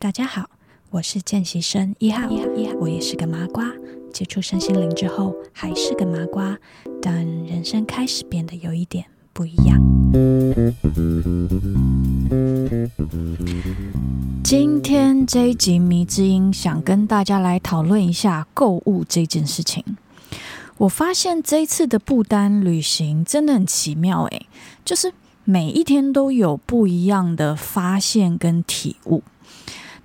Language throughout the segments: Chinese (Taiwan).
大家好，我是見習生一號一號，一號，我也是個麻瓜。接觸身心靈之後，還是個麻瓜，但人生開始變得有一點不一樣。今天這一集謎之音，想跟大家來討論一下購物這件事情。我發現這一次的不丹旅行真的很奇妙哎，就是每一天都有不一樣的發現跟體悟。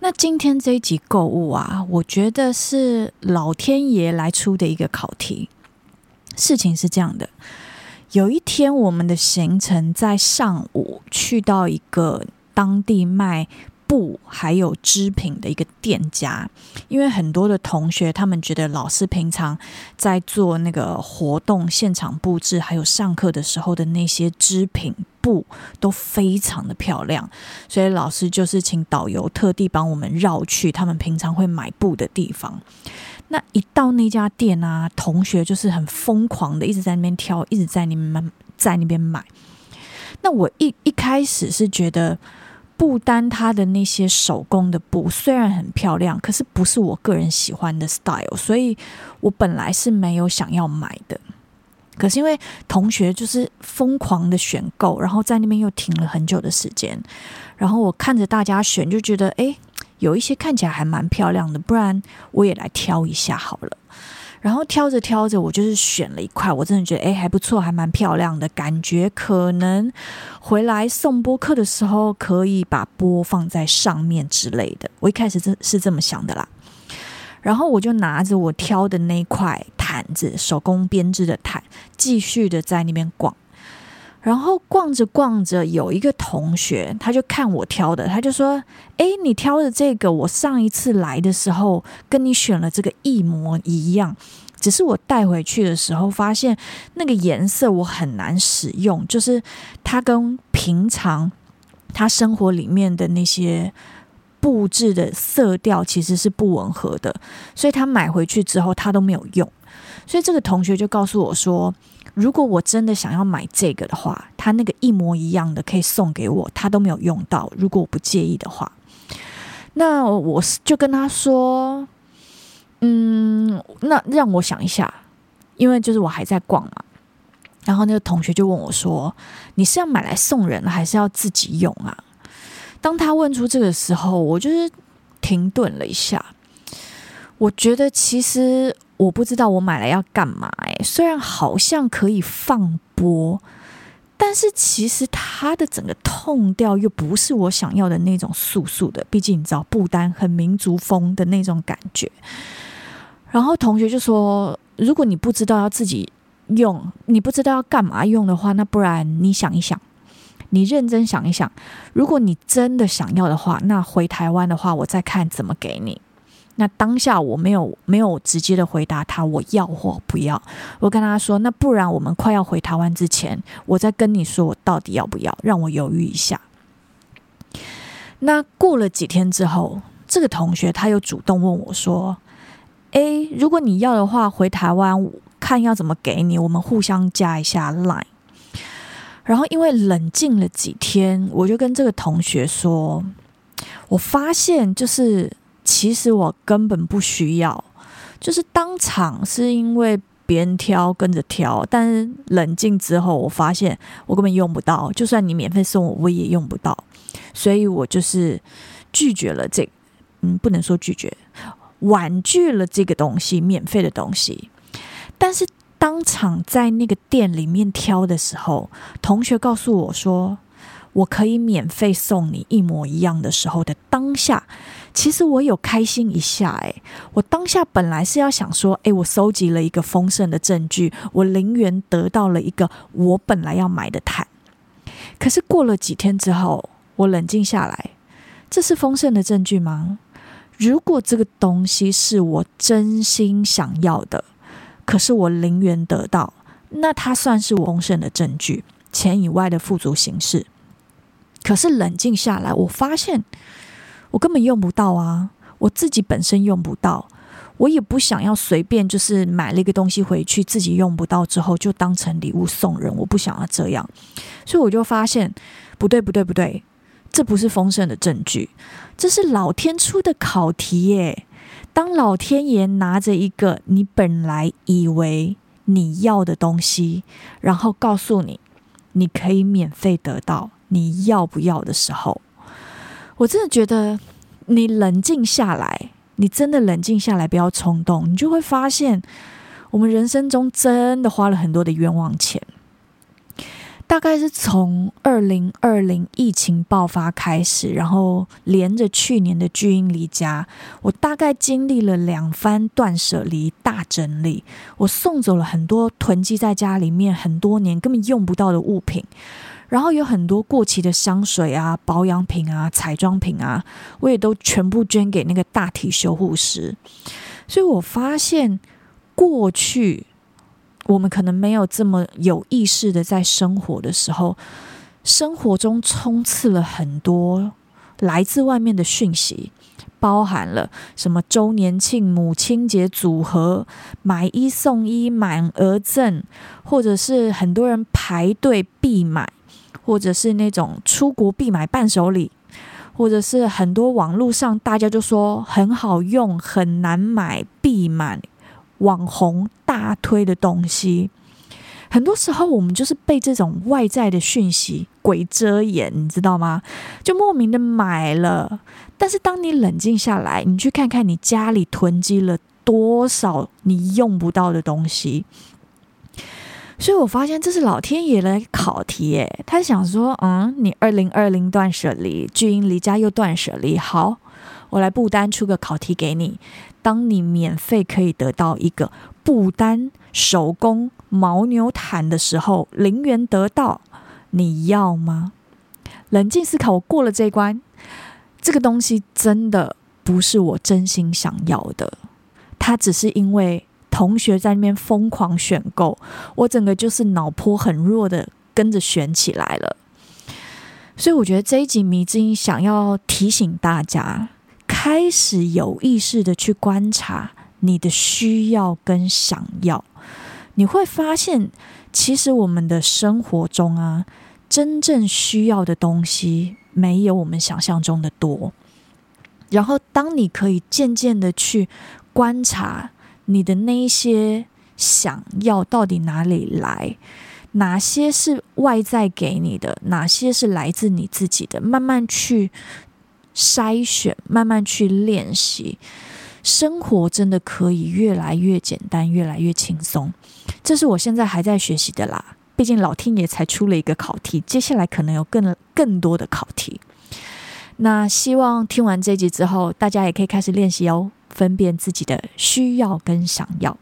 那今天這一集購物啊，我覺得是老天爺來出的一個考題。事情是這樣的，有一天我們的行程在上午去到一個當地賣布還有織品的一個店家，因為很多的同學他們覺得老師平常在做那個活動現場布置，還有上課的時候的那些織品，布都非常的漂亮，所以老師就是請導遊特地幫我們繞去他們平常會買布的地方。那一到那家店啊，同學就是很瘋狂的一直在那邊挑，一直在那邊在那邊買。那我一一開始是覺得不丹他的那些手工的布雖然很漂亮，可是不是我個人喜歡的 style，所以我本來是沒有想要買的。可是因為同學就是瘋狂的選購，然後在那邊又停了很久的時間，然後我看着大家選，就覺得哎、欸，有一些看起來還蠻漂亮的，不然我也來挑一下好了。然後挑着挑着，我就是選了一塊，我真的覺得哎、欸，還不錯，還蠻漂亮的感覺，可能回來送播客的時候可以把播放在上面之類的。我一開始真是這麼想的啦，然後我就拿着我挑的那一塊。毯子，手工編織的毯，繼續的在那邊逛，然後逛着逛着，有一個同學，他就看我挑的，他就說：“誒、欸，你挑的這個，我上一次來的時候跟你選了這個一模一樣，只是我帶回去的時候發現那個顏色我很難使用，就是它跟平常他生活裡面的那些。”佈置的色調其實是不吻合的，所以他買回去之後他都沒有用，所以這個同學就告訴我說，如果我真的想要買這個的話，他那個一模一樣的可以送給我，他都沒有用到。如果我不介意的話，那我就跟他說，嗯，那讓我想一下，因為就是我還在逛嘛。然後那個同學就問我說，你是要買來送人，還是要自己用啊？當他問出這個時候，我就是停頓了一下。我覺得其實我不知道我買來要幹嘛、欸、雖然好像可以放播，但是其實它的整個痛調又不是我想要的那種素素的，畢竟你知道，不丹很民族風的那種感覺。然後同學就說：“如果你不知道要自己用，你不知道要幹嘛用的話，那不然你想一想。”你認真想一想，如果你真的想要的話，那回台灣的話，我再看怎麼給你。那當下我沒有沒有直接的回答他我要或不要。我跟他說，那不然我們快要回台灣之前，我再跟你說我到底要不要，讓我猶豫一下。那過了幾天之後，這個同學他又主動問我說：“誒、欸，如果你要的話，回台灣看要怎麼給你，我們互相加一下 Line。”然後因為冷靜了幾天，我就跟這個同學說，我發現就是其實我根本不需要，就是當場是因為別人挑跟着挑，但是冷靜之後，我發現我根本用不到，就算你免費送我，我也用不到，所以我就是拒絕了這，嗯，不能說拒絕，婉拒了這個東西，免費的東西，但是。當場在那個店裡面挑的時候，同學告訴我說：“我可以免費送你一模一樣的。”時候的當下，其實我有開心一下、欸。誒。我當下本來是要想說：“誒、欸，我收集了一個豐盛的證據，我零元得到了一個我本來要買的毯。可是過了幾天之後，我冷靜下來：“這是豐盛的證據嗎？如果這個東西是我真心想要的。”可是我零元得到，那它算是我豐盛的證據，錢以外的富足形式。可是冷靜下來，我發現我根本用不到啊，我自己本身用不到，我也不想要隨便就是買了一個東西回去，自己用不到之後就當成禮物送人，我不想要這樣。所以我就發現，不對，不對，不對，這不是豐盛的證據，這是老天出的考題耶。當老天爺拿着一個你本來以為你要的東西，然後告訴你，你可以免費得到，你要不要的時候，我真的覺得你冷靜下來，你真的冷靜下來，不要衝動，你就會發現，我們人生中真的花了很多的冤枉錢。大概是從二零二零疫情爆發開始，然後連着去年的巨嬰離家，我大概經歷了兩番斷捨離大整理。我送走了很多囤積在家裡面很多年根本用不到的物品，然後有很多過期的香水啊、保養品啊、彩妝品啊，我也都全部捐給那個大體修護師。所以我發現過去。我們可能沒有這麼有意識的在生活的時候，生活中充斥了很多來自外面的訊息，包含了什麼週年慶、母親節組合、買一送一、滿額贈，或者是很多人排隊必買，或者是那種出國必買伴手禮，或者是很多網絡上大家就說很好用、很難買、必買。網紅大推的東西，很多時候我們就是被這種外在的訊息鬼遮眼，你知道嗎？就莫名的買了。但是當你冷靜下來，你去看看你家裡囤積了多少你用不到的東西。所以我發現這是老天爺的考題誒，他想說，嗯，你二零二零斷捨離，巨嬰離家又斷捨離，好。我來不丹出個考題給你，當你免費可以得到一個不丹手工氂牛毯的時候，零元得到，你要嗎？冷靜思考，我過了這一關，這個東西真的不是我真心想要的，它只是因為同學在那邊瘋狂選購，我整個就是腦波很弱的跟着選起來了。所以我覺得這一集謎之音想要提醒大家，開始有意識的去觀察你的需要跟想要，你會發現，其實我們的生活中啊，真正需要的東西沒有我們想象中的多。然後，當你可以漸漸的去觀察你的那一些想要到底哪裡來，哪些是外在給你的，哪些是來自你自己的，慢慢去。篩選，慢慢去練習，生活真的可以越來越簡單，越來越輕鬆。這是我現在還在學習的啦。畢竟老天爺才出了一個考題，接下來可能有更更多的考題。那希望聽完這集之後，大家也可以開始練習哦，分辨自己的需要跟想要，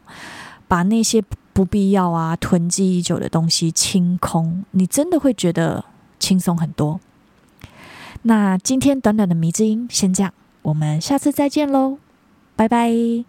把那些不必要啊、囤積已久的東西清空，你真的會覺得輕鬆很多。那今天短短的迷之音先這樣，我們下次再見嘍，拜拜。